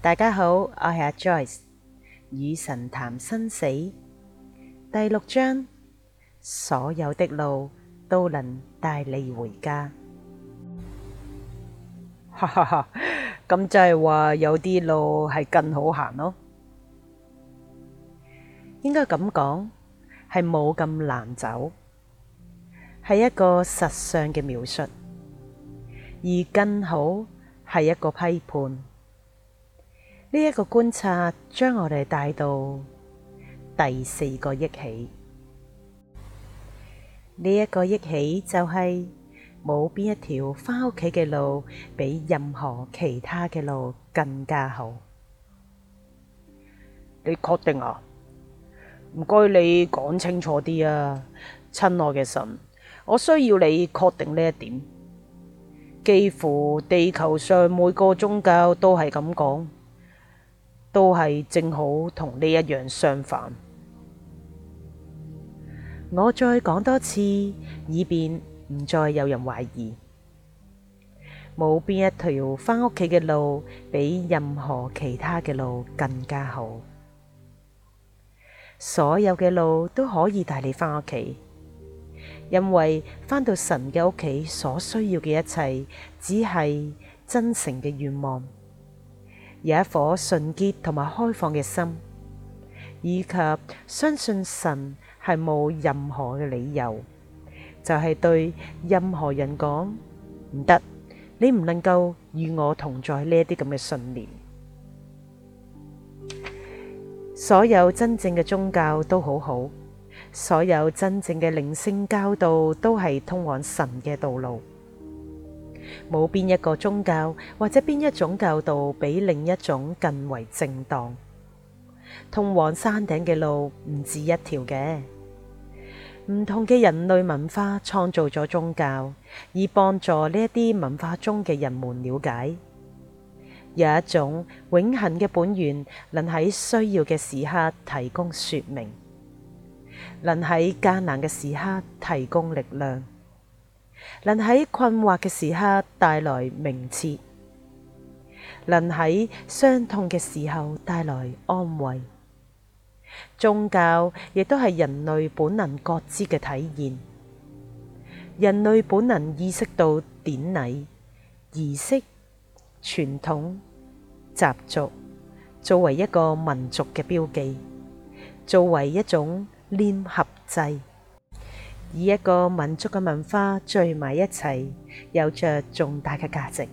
大家好，我係 Joyce，與神談生死第六章，所有的路都能帶你回家。哈哈哈，咁即係話有啲路係更好行咯。應該咁講，係冇咁難走，係一個實相嘅描述，而更好係一個批判。呢、這、一個觀察將我哋帶到第四個憶起，呢、這、一個憶起就係冇邊一條返屋企嘅路比任何其他嘅路更加好。你確定啊？唔該，你講清楚啲啊，親愛嘅神，我需要你確定呢一點。幾乎地球上每個宗教都係咁講。都係正好同你一樣相反。我再講多次，以便唔再有人懷疑。冇邊一條翻屋企嘅路，比任何其他嘅路更加好。所有嘅路都可以帶你翻屋企，因為翻到神嘅屋企所需要嘅一切，只係真誠嘅願望。有一顆純潔同埋開放嘅心，以及相信神係冇任何嘅理由，就係對任何人講唔得，你唔能夠與我同在呢一啲咁嘅信念。所有真正嘅宗教都好好，所有真正嘅靈性教導都係通往神嘅道路。冇邊一個宗教或者邊一種教導比另一種更為正當。通往山頂嘅路唔止一條嘅，唔同嘅人類文化創造咗宗教，以幫助呢一啲文化中嘅人們了解有一種永恆嘅本源，能喺需要嘅時刻提供說明，能喺艱難嘅時刻提供力量。能喺困惑嘅時刻帶來明澈，能喺傷痛嘅時候帶來安慰。宗教亦都係人類本能覺知嘅體現。人類本能意識到典禮、儀式、傳統、習俗，作為一個民族嘅標記，作為一種粘合劑。以一個民族嘅文化聚埋一齊，有着重大嘅價值。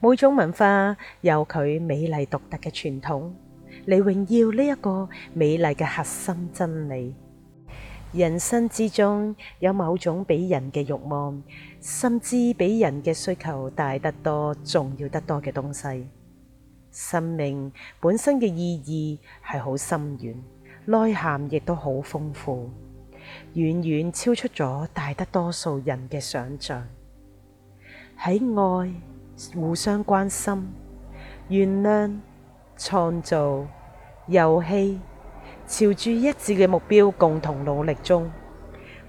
每種文化，有佢美麗獨特嘅傳統，嚟榮耀呢一個美麗嘅核心真理。人生之中有某種比人嘅欲望，甚至比人嘅需求大得多、重要得多嘅東西。生命本身嘅意義係好深遠，內涵亦都好豐富，遠遠超出咗大得多數人嘅想象，喺愛、互相關心、原諒、創造、遊戲、朝住一致嘅目標共同努力中，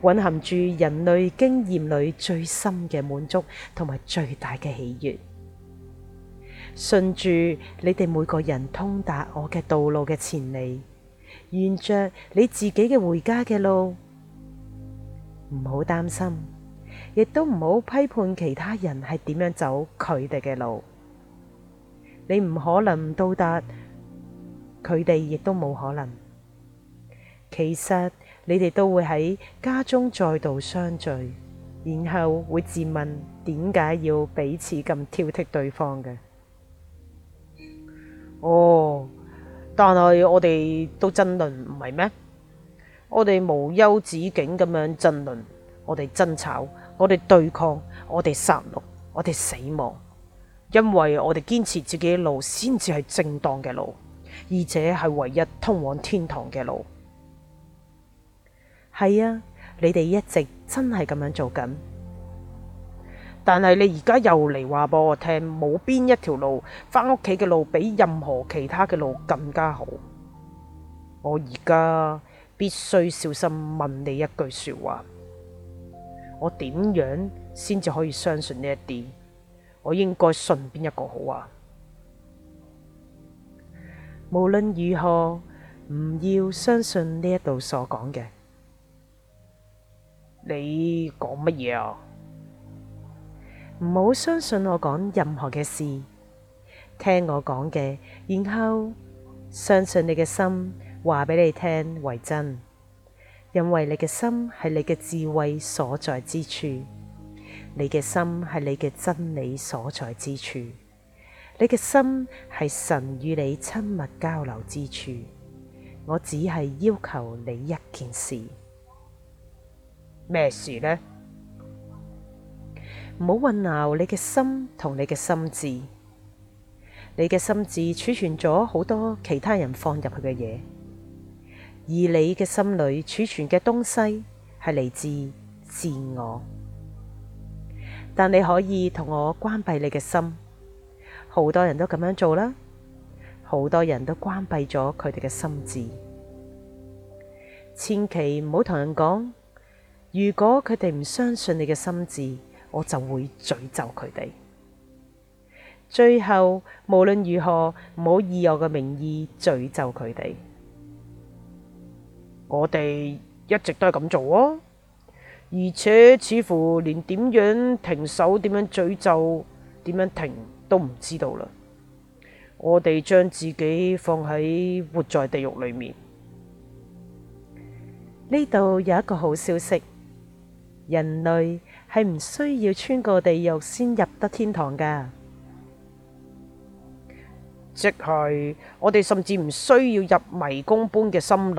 蘊含住人類經驗裏最深嘅滿足同埋最大嘅喜悅。順住你哋每個人通達我嘅道路嘅潛力。沿着你自己嘅回家嘅路，唔好擔心，亦都唔好批判其他人係點樣走佢哋嘅路。你唔可能到達，佢哋亦都冇可能。其實你哋都會喺家中再度相聚，然後會自問點解要彼此咁挑剔對方嘅？哦。但係我哋都爭論唔係咩？我哋無休止境咁樣爭論，我哋爭吵，我哋對抗，我哋殺戮，我哋死亡，因為我哋堅持自己嘅路先至係正當嘅路，而且係唯一通往天堂嘅路。係啊，你哋一直真係咁樣做緊。但係你而家又嚟話俾我聽，冇邊一條路翻屋企嘅路比任何其他嘅路更加好。我而家必須小心問你一句說話，我點樣先至可以相信呢一啲？我應該信邊一個好啊？無論如何，唔要相信呢一度所講嘅。你講乜嘢啊？唔好相信我講任何嘅事，聽我講嘅，然後相信你嘅心，話俾你聽為真，因為你嘅心係你嘅智慧所在之處，你嘅心係你嘅真理所在之處，你嘅心係神與你親密交流之處。我只係要求你一件事，咩事呢？唔好混淆你嘅心同你嘅心智。你嘅心智儲存咗好多其他人放入去嘅嘢，而你嘅心裏儲存嘅東西係嚟自自我。但你可以同我關閉你嘅心，好多人都咁樣做啦，好多人都關閉咗佢哋嘅心智。千祈唔好同人講，如果佢哋唔相信你嘅心智。我就會詛咒佢哋。最後無論如何，唔好以我嘅名義詛咒佢哋。我哋一直都係咁做啊！而且似乎連點樣停手、點樣詛咒、點樣停都唔知道啦。我哋將自己放喺活在地獄裏面。呢度有一個好消息，人類。係唔需要穿過地獄先入得天堂㗎，即係我哋甚至唔需要入迷宮般嘅森林，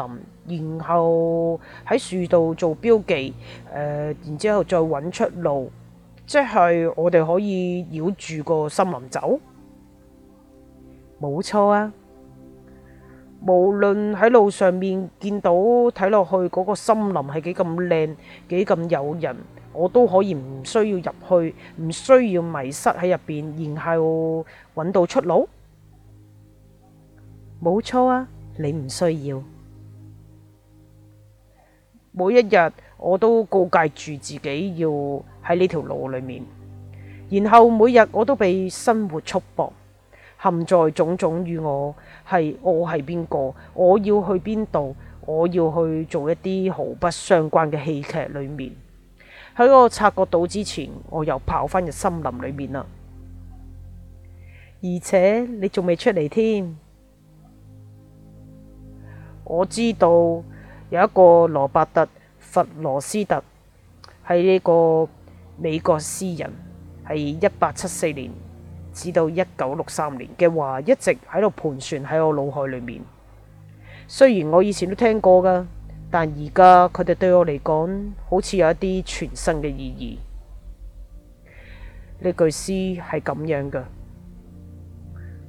然後喺樹度做標記，誒，然之後再揾出路，即係我哋可以繞住個森林走，冇錯啊！無論喺路上面見到睇落去嗰個森林係幾咁靚，幾咁誘人。我都可以唔需要入去，唔需要迷失喺入邊，然後搵到出路。冇錯啊，你唔需要。每一日我都告誡住自己要喺呢條路裏面，然後每日我都被生活束縛，陷在種種與我係我係邊個，我要去邊度，我要去做一啲毫不相關嘅戲劇裏面。喺我察覺到之前，我又跑返入森林裏面啦。而且你仲未出嚟添。我知道有一個羅伯特弗羅斯特係呢個美國詩人，係一八七四年至到一九六三年嘅話，一直喺度盤旋喺我腦海裏面。雖然我以前都聽過㗎。但而家佢哋對我嚟講，好似有一啲全新嘅意義。呢句詩係咁樣嘅：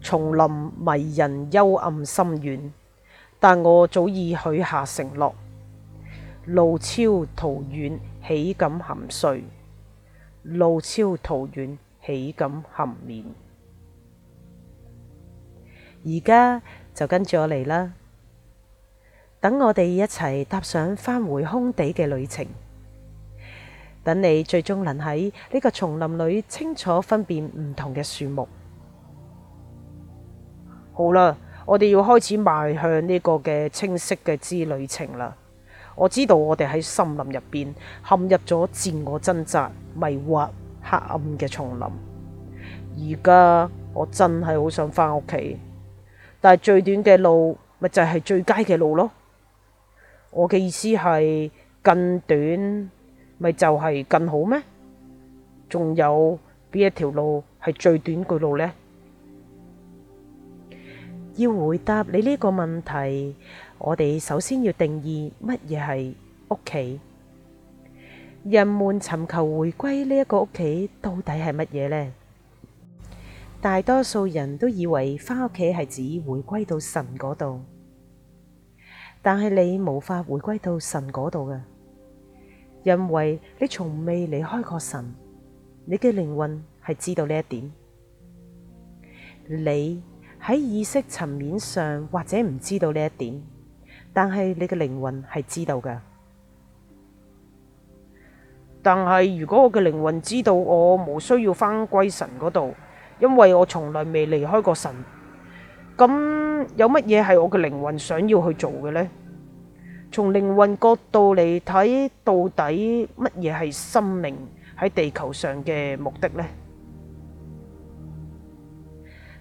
叢林迷人，幽暗深遠。但我早已許下承諾，路超途遠，豈敢含睡？路超途遠，豈敢含眠？而家就跟住我嚟啦。等我哋一齊踏上返回空地嘅旅程，等你最終能喺呢個叢林裏清楚分辨唔同嘅樹木。好啦，我哋要開始邁向呢個嘅清晰嘅之旅程啦。我知道我哋喺森林入邊陷入咗自我掙扎、迷惑、黑暗嘅叢林。而家我真係好想翻屋企，但係最短嘅路咪就係最佳嘅路咯。我嘅意思係更短，咪就係更好咩？仲有邊一條路係最短嘅路呢？要回答你呢個問題，我哋首先要定義乜嘢係屋企。人們尋求回歸呢一個屋企，到底係乜嘢呢？大多數人都以為翻屋企係指回歸到神嗰度。但係你無法回歸到神嗰度嘅，因為你從未離開過神。你嘅靈魂係知道呢一點，你喺意識層面上或者唔知道呢一點，但係你嘅靈魂係知道嘅。但係如果我嘅靈魂知道我冇需要返歸神嗰度，因為我從來未離開過神。咁有乜嘢係我嘅靈魂想要去做嘅呢？從靈魂角度嚟睇，到底乜嘢係心靈喺地球上嘅目的呢？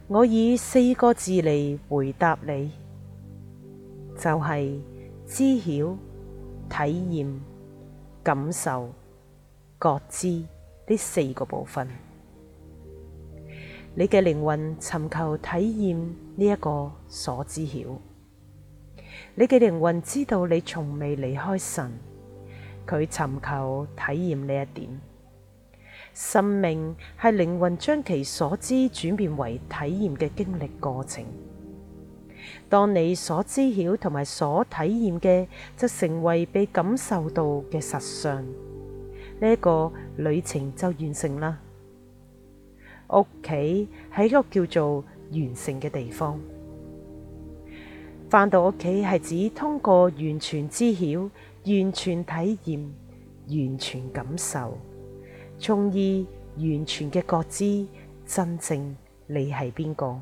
我以四個字嚟回答你，就係知曉、體驗、感受、覺知呢四個部分。你嘅靈魂尋求體驗呢一個所知曉，你嘅靈魂知道你從未離開神，佢尋求體驗呢一點。神命係靈魂將其所知轉變為體驗嘅經歷過程。當你所知曉同埋所體驗嘅，則成為被感受到嘅實相，呢一個旅程就完成啦。屋企喺一個叫做完成嘅地方，返到屋企係指通過完全知曉、完全體驗、完全感受，從而完全嘅覺知真正你係邊個？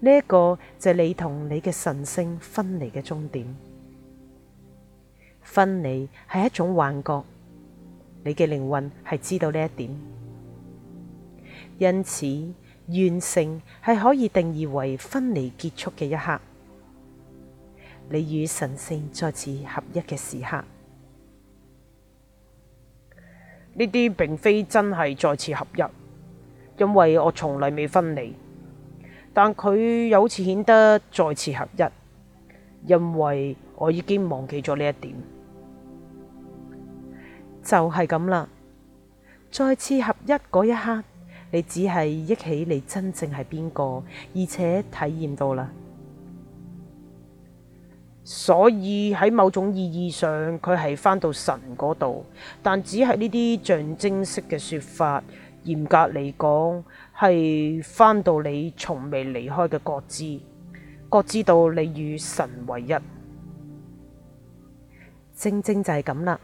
呢一個就係你同你嘅神聖分離嘅終點。分離係一種幻覺，你嘅靈魂係知道呢一點。因此，完成係可以定義為分離結束嘅一刻，你與神聖再次合一嘅時刻。呢啲並非真係再次合一，因為我從來未分離，但佢有次顯得再次合一，因為我已經忘記咗呢一點，就係咁啦。再次合一嗰一刻。你只係憶起你真正係邊個，而且體驗到啦。所以喺某種意義上，佢係返到神嗰度，但只係呢啲象徵式嘅說法。嚴格嚟講，係返到你從未離開嘅覺知，覺知到你與神為一，正正就係咁啦。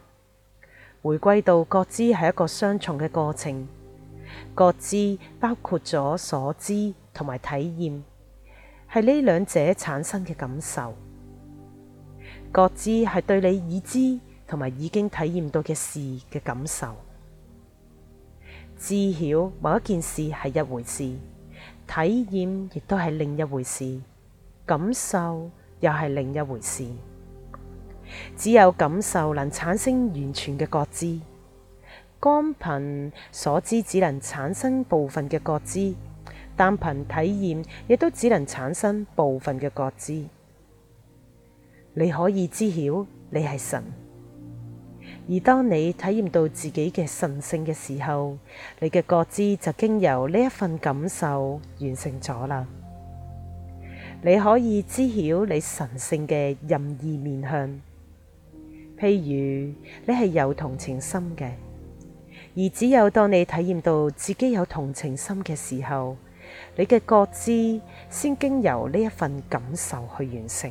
回歸到覺知係一個雙重嘅過程。覺知包括咗所知同埋體驗，係呢兩者產生嘅感受。覺知係對你已知同埋已經體驗到嘅事嘅感受。知曉某一件事係一回事，體驗亦都係另一回事，感受又係另一回事。只有感受能產生完全嘅覺知。光憑所知只能產生部分嘅覺知，但憑體驗亦都只能產生部分嘅覺知。你可以知曉你係神，而當你體驗到自己嘅神性嘅時候，你嘅覺知就經由呢一份感受完成咗啦。你可以知曉你神性嘅任意面向，譬如你係有同情心嘅。而只有當你體驗到自己有同情心嘅時候，你嘅覺知先經由呢一份感受去完成。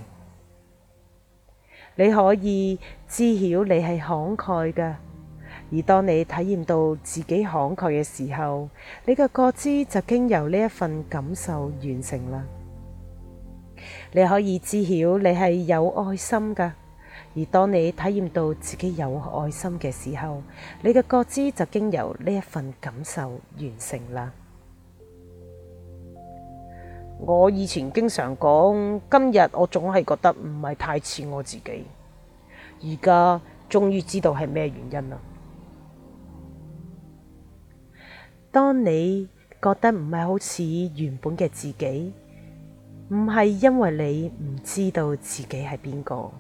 你可以知曉你係慷慨噶，而當你體驗到自己慷慨嘅時候，你嘅覺知就經由呢一份感受完成啦。你可以知曉你係有愛心噶。而當你體驗到自己有愛心嘅時候，你嘅覺知就經由呢一份感受完成啦。我以前經常講，今日我總係覺得唔係太似我自己，而家終於知道係咩原因啦。當你覺得唔係好似原本嘅自己，唔係因為你唔知道自己係邊個。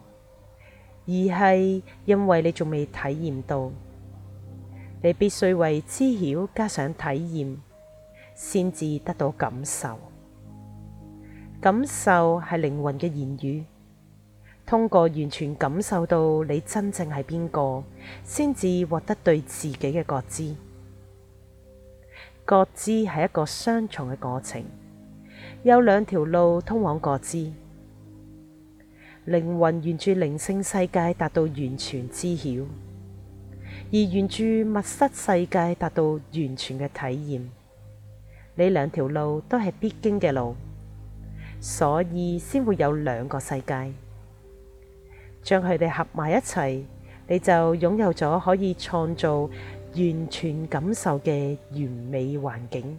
而係因為你仲未體驗到，你必須為知曉加上體驗，先至得到感受。感受係靈魂嘅言語，通過完全感受到你真正係邊個，先至獲得對自己嘅覺知。覺知係一個雙重嘅過程，有兩條路通往覺知。靈魂沿住靈性世界達到完全知曉，而沿住密室世界達到完全嘅體驗。你兩條路都係必經嘅路，所以先會有兩個世界。將佢哋合埋一齊，你就擁有咗可以創造完全感受嘅完美環境，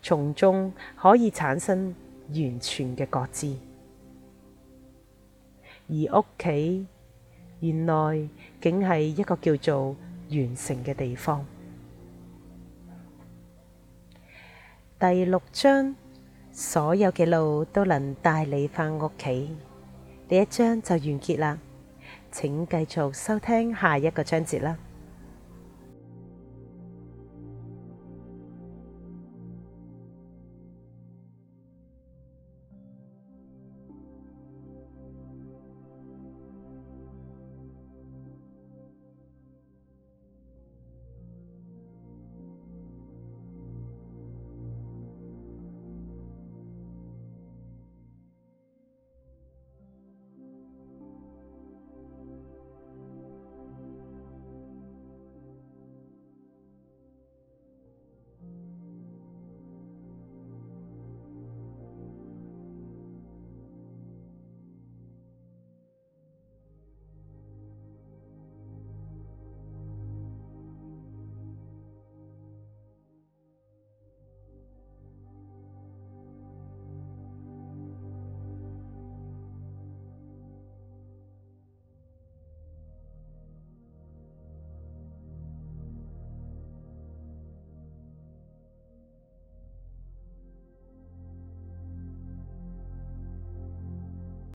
從中可以產生完全嘅覺知。而屋企原來竟係一個叫做完成嘅地方。第六章，所有嘅路都能帶你返屋企。呢一章就完結啦，請繼續收聽下一個章節啦。